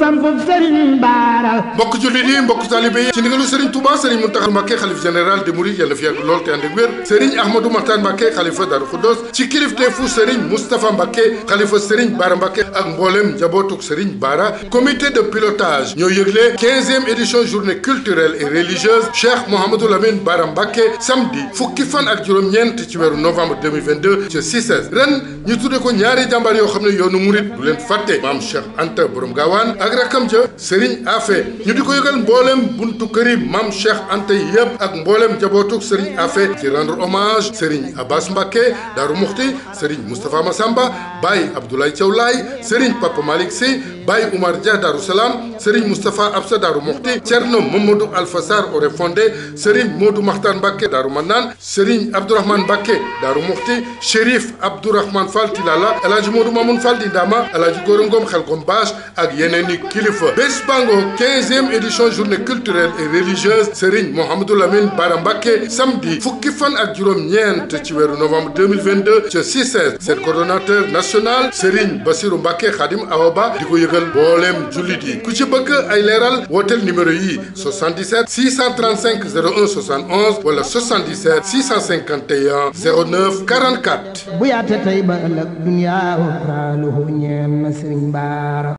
sampub sëriñ baara mbokk jullit yi mbokk taalibe yi ci ndigalu sëriñ Touba sëriñ Mountakha Mbacké xalif général des Mourides yàlla fi yàgg lool te ànd ak wér sëriñ Ahmadou Mahtar Mbacké xalifa Darou Khoudoss ci kilifteefu sëriñ Moustapha Mbacké xalifa sëriñ Baara Mbacké ak mboolem njabootuk sëriñ Baara comité de pilotage ñoo yëgle quinzième édition journée culturelle et religieuse Cheikh Mouhamadou Lamine Baara Mbacké samedi fukki fan ak juróom-ñeent ci weeru novembre 2022 ci CICES ren ñu tudde ko ñaari yoo xam ne yoonu murit du leen ak rakkam ca Serigne Afe ñu di ko yëgal mboolem buntu këri maam Cheikh ante yëpp ak mboolem jabootuk Serigne Afe ci rendre hommage Serigne Abbas Mbacké Darou Mouhty Serigne Moustapha Massamba Baye Abdoulaye Thiaw Laye Serigne Papa Malick Sy Baye Oumar Dia Darou Salaam Serigne Moustapha Absa Darou Mokhti Thierno Mamadou Alpha Sarr Oré Fondé Serigne Modou Makhtar Mbacké Darou Manane Serigne Abdourahmane Mbacké Darou Mokhti Chérif Abdourahmane Fall Tilala El Hadj Modou Mamoun Fall Dindama El Hadj Gora Ngom Xelkom Bache ak yeneen i kilifa bés bango quinzième édition journée culturelle et religieuse Serigne Mouhamadou Lamine Bara Mbacké samedi fukki fan ak juróom-ñeent ci weeru novembre 2022 ca CICES seen coordonnateur Ba di ko yëgal mboolem jullit yi ku ci bëgg ay leeral wooteel numéro yi 77 635 01 71 wala 77 651 09 44. bu yaatee tey ba ëllëg dunya wa xaaluhu ñeen na Sëriñ Baara.